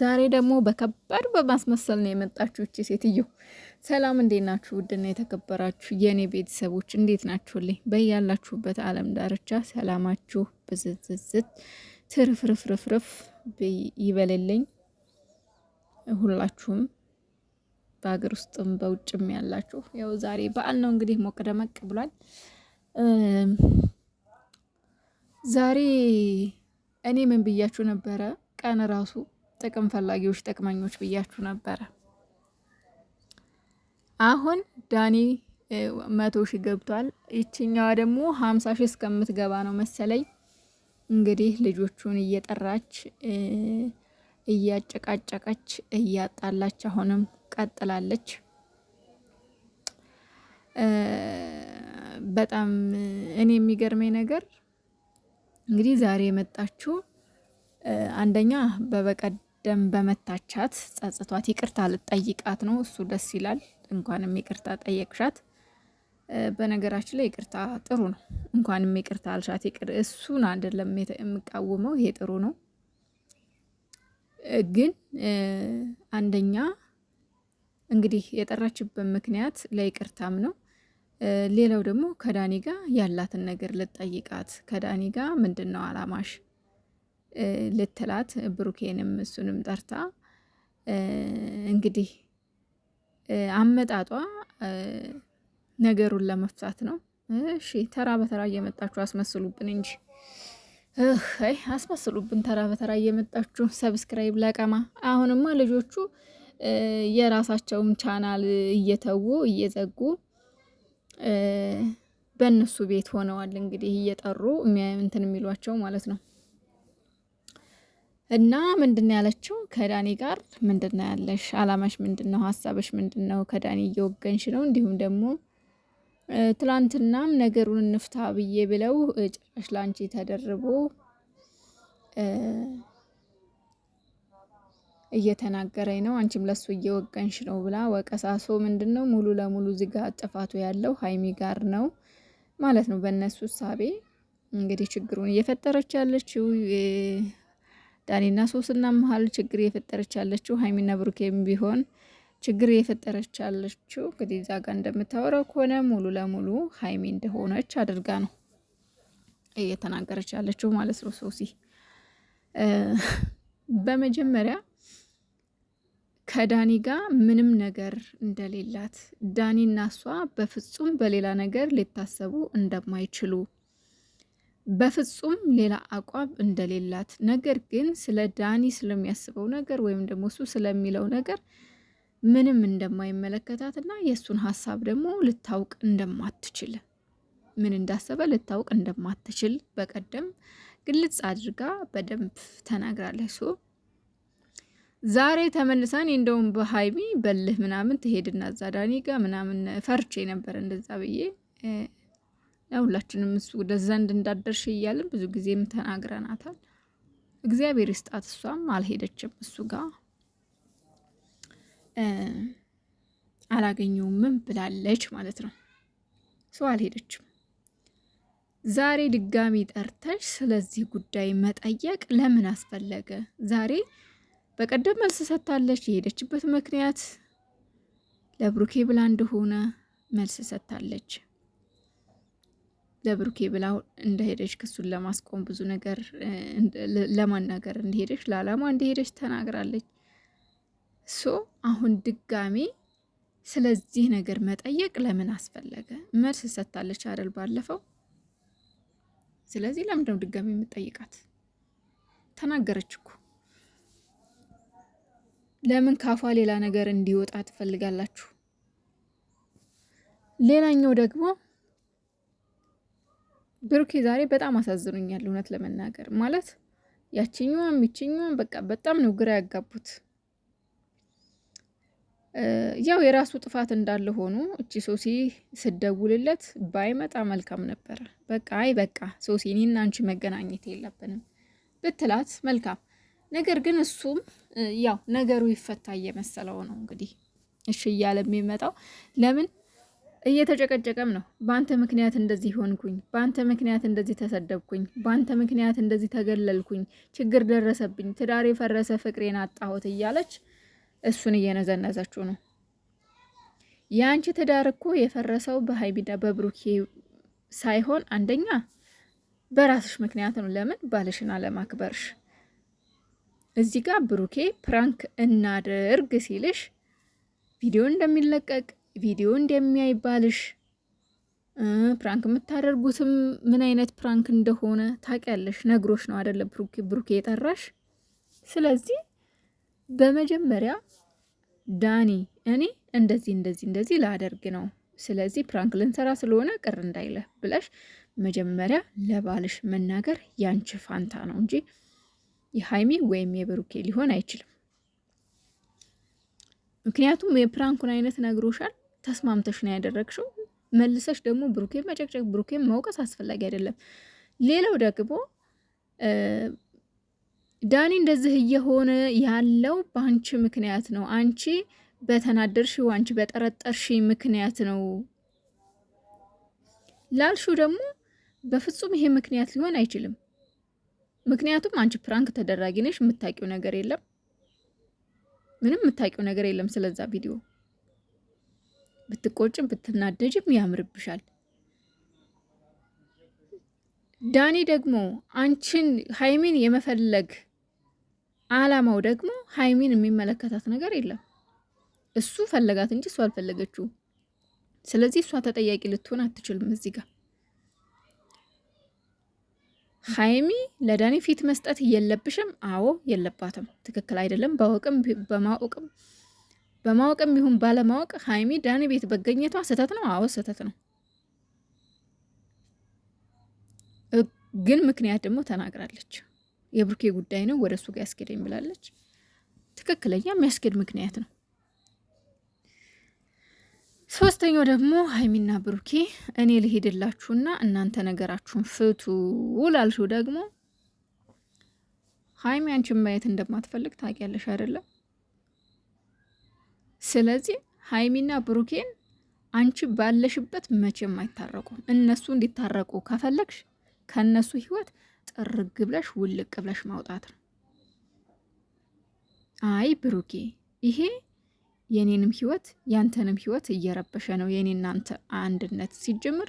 ዛሬ ደግሞ በከባድ በማስመሰል ነው የመጣችሁ እቺ ሴትዮ። ሰላም እንዴት ናችሁ? ውድና የተከበራችሁ የእኔ ቤተሰቦች እንዴት ናችሁልኝ? በያላችሁበት ዓለም ዳርቻ ሰላማችሁ ብዝዝዝት ትርፍርፍርፍርፍ ይበልልኝ። ሁላችሁም በሀገር ውስጥም በውጭም ያላችሁ ያው ዛሬ በዓል ነው እንግዲህ ሞቅ ደመቅ ብሏል። ዛሬ እኔ ምን ብያችሁ ነበረ? ቀን ራሱ ጥቅም ፈላጊዎች ጠቅመኞች ብያችሁ ነበረ። አሁን ዳኒ መቶ ሺህ ገብቷል። ይችኛዋ ደግሞ ሀምሳ ሺህ እስከምትገባ ነው መሰለኝ እንግዲህ ልጆቹን እየጠራች እያጨቃጨቀች እያጣላች አሁንም ቀጥላለች። በጣም እኔ የሚገርመኝ ነገር እንግዲህ ዛሬ የመጣችው አንደኛ በበቀድ ደም በመታቻት ጸጽቷት ይቅርታ ልጠይቃት ነው። እሱ ደስ ይላል። እንኳንም ይቅርታ ጠየቅሻት። በነገራችን ላይ ይቅርታ ጥሩ ነው። እንኳንም ይቅርታ አልሻት። እሱን አይደለም የምቃወመው፣ ይሄ ጥሩ ነው። ግን አንደኛ እንግዲህ የጠራችበት ምክንያት ለይቅርታም ነው። ሌላው ደግሞ ከዳኒ ጋር ያላትን ነገር ልጠይቃት። ከዳኒ ጋር ምንድን ነው አላማሽ? ልትላት ብሩኬንም እሱንም ጠርታ እንግዲህ አመጣጧ ነገሩን ለመፍታት ነው። እሺ ተራ በተራ እየመጣችሁ አስመስሉብን እንጂ አይ አስመስሉብን። ተራ በተራ እየመጣችሁ ሰብስክራይብ ለቀማ። አሁንማ ልጆቹ የራሳቸውን ቻናል እየተዉ እየዘጉ በእነሱ ቤት ሆነዋል። እንግዲህ እየጠሩ እንትን የሚሏቸው ማለት ነው። እና ምንድን ነው ያለችው ከዳኒ ጋር ምንድን ነው ያለሽ አላማሽ ምንድን ነው ሀሳብሽ ምንድን ነው ከዳኒ እየወገንሽ ነው እንዲሁም ደግሞ ትላንትናም ነገሩን እንፍታ ብዬ ብለው ጭራሽ ላንቺ ተደርቦ እየተናገረኝ ነው አንቺም ለሱ እየወገንሽ ነው ብላ ወቀሳሶ ምንድን ነው ሙሉ ለሙሉ ዚጋ ጥፋቱ ያለው ሀይሚ ጋር ነው ማለት ነው በእነሱ እሳቤ እንግዲህ ችግሩን እየፈጠረች ያለችው ዳኒና ሶስና መሀል ችግር የፈጠረች ያለችው ሀይሚና ብሩኬም ቢሆን ችግር የፈጠረች ያለችው እንግዲህ እዛ ጋር እንደምታወራው ከሆነ ሙሉ ለሙሉ ሀይሚ እንደሆነች አድርጋ ነው እየተናገረች ያለችው ማለት ነው። ሶሲ በመጀመሪያ ከዳኒ ጋር ምንም ነገር እንደሌላት ዳኒና እሷ በፍጹም በሌላ ነገር ሊታሰቡ እንደማይችሉ በፍጹም ሌላ አቋም እንደሌላት ነገር ግን ስለ ዳኒ ስለሚያስበው ነገር ወይም ደግሞ እሱ ስለሚለው ነገር ምንም እንደማይመለከታት እና የእሱን ሀሳብ ደግሞ ልታውቅ እንደማትችል ምን እንዳሰበ ልታውቅ እንደማትችል በቀደም ግልጽ አድርጋ በደንብ ተናግራለች። ሶ ዛሬ ተመልሰን እንደውም በሀይሚ በልህ ምናምን ትሄድና እዛ ዳኒ ጋ ምናምን ፈርቼ ነበር እንደዛ ብዬ ሁላችንም እሱ ወደ ዘንድ እንዳደርሽ እያልን ብዙ ጊዜም ተናግረናታል። እግዚአብሔር ይስጣት። እሷም አልሄደችም እሱ ጋር አላገኘውምም ብላለች ማለት ነው። ሰው አልሄደችም። ዛሬ ድጋሚ ጠርተሽ ስለዚህ ጉዳይ መጠየቅ ለምን አስፈለገ? ዛሬ በቀደም መልስ ሰጥታለች። የሄደችበት ምክንያት ለብሩኬ ብላ እንደሆነ መልስ ሰጥታለች። ለብሩኬ ብላ እንደሄደች ክሱን ለማስቆም ብዙ ነገር ለማናገር እንደሄደች ለዓላማ እንደሄደች ተናግራለች። ሶ አሁን ድጋሜ ስለዚህ ነገር መጠየቅ ለምን አስፈለገ? መልስ ሰጥታለች አይደል ባለፈው። ስለዚህ ለምንድነው ነው ድጋሜ የምጠይቃት? ተናገረች እኮ ለምን ካፏ ሌላ ነገር እንዲወጣ ትፈልጋላችሁ? ሌላኛው ደግሞ ብሩኬ ዛሬ በጣም አሳዝኑኛል፣ እውነት ለመናገር ማለት ያችኛዋን ይችኛዋን በቃ በጣም ነው ግራ ያጋቡት። ያው የራሱ ጥፋት እንዳለ ሆኖ እቺ ሶሲ ስደውልለት ባይመጣ መልካም ነበረ። በቃ አይ በቃ ሶሲ እኔና አንቺ መገናኘት የለብንም ብትላት መልካም ነገር ግን እሱም ያው ነገሩ ይፈታ እየመሰለው ነው እንግዲህ እሺ እያለ የሚመጣው ለምን እየተጨቀጨቀም ነው። በአንተ ምክንያት እንደዚህ ሆንኩኝ፣ በአንተ ምክንያት እንደዚህ ተሰደብኩኝ፣ በአንተ ምክንያት እንደዚህ ተገለልኩኝ፣ ችግር ደረሰብኝ፣ ትዳሬ ፈረሰ፣ ፍቅሬን አጣሁት እያለች እሱን እየነዘነዘችው ነው። የአንቺ ትዳር እኮ የፈረሰው በሀይሚና በብሩኬ ሳይሆን አንደኛ በራስሽ ምክንያት ነው። ለምን ባልሽን አለማክበርሽ። እዚህ ጋር ብሩኬ ፕራንክ እናድርግ ሲልሽ ቪዲዮ እንደሚለቀቅ ቪዲዮ እንደሚያይ ባልሽ ፕራንክ የምታደርጉትም ምን አይነት ፕራንክ እንደሆነ ታውቂያለሽ። ነግሮሽ ነው አደለ? ብሩኬ የጠራሽ። ስለዚህ በመጀመሪያ ዳኒ እኔ እንደዚህ እንደዚህ እንደዚህ ላደርግ ነው፣ ስለዚህ ፕራንክ ልንሰራ ስለሆነ ቅር እንዳይለ ብለሽ መጀመሪያ ለባልሽ መናገር ያንቺ ፋንታ ነው እንጂ የሀይሚ ወይም የብሩኬ ሊሆን አይችልም። ምክንያቱም የፕራንኩን አይነት ነግሮሻል። ተስማምተሽ ነው ያደረግሽው። መልሰሽ ደግሞ ብሩኬን መጨቅጨቅ፣ ብሩኬን መውቀስ አስፈላጊ አይደለም። ሌላው ደግሞ ዳኒ እንደዚህ እየሆነ ያለው በአንቺ ምክንያት ነው። አንቺ በተናደርሽ አንቺ በጠረጠርሽ ምክንያት ነው ላልሽው ደግሞ በፍጹም ይሄ ምክንያት ሊሆን አይችልም። ምክንያቱም አንቺ ፕራንክ ተደራጊ ነሽ። የምታውቂው ነገር የለም፣ ምንም የምታውቂው ነገር የለም ስለዛ ቪዲዮ ብትቆጭም ብትናደጅም ያምርብሻል። ዳኒ ደግሞ አንቺን ሀይሚን የመፈለግ አላማው ደግሞ ሀይሚን የሚመለከታት ነገር የለም። እሱ ፈለጋት እንጂ እሱ አልፈለገችው። ስለዚህ እሷ ተጠያቂ ልትሆን አትችልም። እዚህ ጋር ሀይሚ ለዳኒ ፊት መስጠት የለብሽም። አዎ የለባትም። ትክክል አይደለም። በአውቅም በማወቅም በማወቅም ይሁን ባለማወቅ ሀይሚ ዳኒ ቤት መገኘቷ ስህተት ነው። አዎ ስህተት ነው፣ ግን ምክንያት ደግሞ ተናግራለች። የብሩኬ ጉዳይ ነው ወደ እሱ ጋር ያስኬደኝ ብላለች። ትክክለኛ የሚያስኬድ ምክንያት ነው። ሶስተኛው ደግሞ ሀይሚና ብሩኬ እኔ ልሄድላችሁና እናንተ ነገራችሁን ፍቱ ላልሽው ደግሞ ሀይሚ አንቺን ማየት እንደማትፈልግ ታውቂያለሽ አይደለም? ስለዚህ ሀይሚና ብሩኬን አንቺ ባለሽበት መቼም አይታረቁም። እነሱ እንዲታረቁ ከፈለግሽ ከእነሱ ህይወት ጥርግ ብለሽ ውልቅ ብለሽ ማውጣት ነው። አይ ብሩኬ፣ ይሄ የኔንም ህይወት ያንተንም ህይወት እየረበሸ ነው የኔና አንተ አንድነት ሲጀምር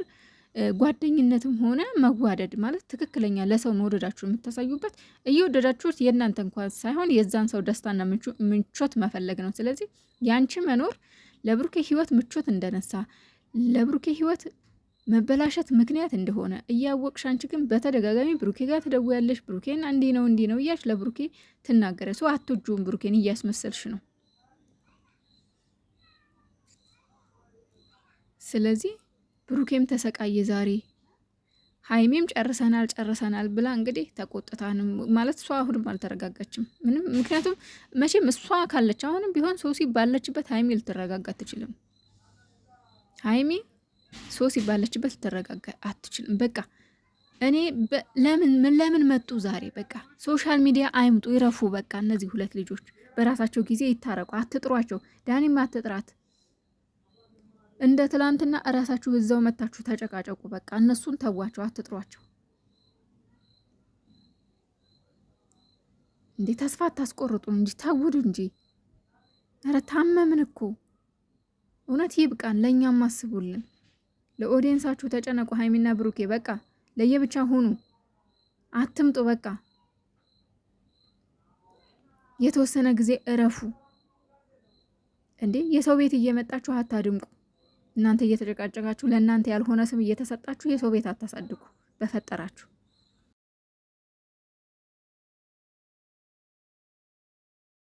ጓደኝነትም ሆነ መዋደድ ማለት ትክክለኛ ለሰው መውደዳችሁ የምታሳዩበት እየወደዳችሁት የእናንተ እንኳን ሳይሆን የዛን ሰው ደስታና ምቾት መፈለግ ነው። ስለዚህ ያንቺ መኖር ለብሩኬ ህይወት ምቾት እንደነሳ ለብሩኬ ህይወት መበላሸት ምክንያት እንደሆነ እያወቅሽ አንቺ ግን በተደጋጋሚ ብሩኬ ጋር ትደውያለሽ። ብሩኬን እንዲህ ነው እንዲህ ነው እያልሽ ለብሩኬ ትናገረ ሰው አትወጂውም። ብሩኬን እያስመሰልሽ ነው። ስለዚህ ብሩኬም ተሰቃየ ዛሬ። ሀይሜም ጨርሰናል ጨርሰናል ብላ እንግዲህ ተቆጥታን ማለት እሷ አሁንም አልተረጋጋችም ምንም። ምክንያቱም መቼም እሷ ካለች አሁንም ቢሆን ሶሲ ባለችበት ሀይሜ ልትረጋጋ አትችልም። ሀይሜ ሶሲ ባለችበት ልትረጋጋ አትችልም። በቃ እኔ ለምን ለምን መጡ ዛሬ? በቃ ሶሻል ሚዲያ አይምጡ ይረፉ። በቃ እነዚህ ሁለት ልጆች በራሳቸው ጊዜ ይታረቁ። አትጥሯቸው፣ ዳኒም አትጥራት። እንደ ትላንትና እራሳችሁ እዛው መታችሁ ተጨቃጨቁ። በቃ እነሱን ተዋቸው፣ አትጥሯቸው። እንዴ ተስፋ አታስቆርጡ እንጂ ተውድ እንጂ። ኧረ ታመምን እኮ እውነት ይብቃን። ለእኛም አስቡልን። ለኦዲየንሳችሁ ተጨነቁ። ሀይሚና ብሩኬ በቃ ለየብቻ ሁኑ፣ አትምጡ። በቃ የተወሰነ ጊዜ እረፉ። እንዴ የሰው ቤት እየመጣችሁ አታድምቁ። እናንተ እየተጨቃጨቃችሁ ለእናንተ ያልሆነ ስም እየተሰጣችሁ የሰው ቤት አታሳድጉ በፈጠራችሁ።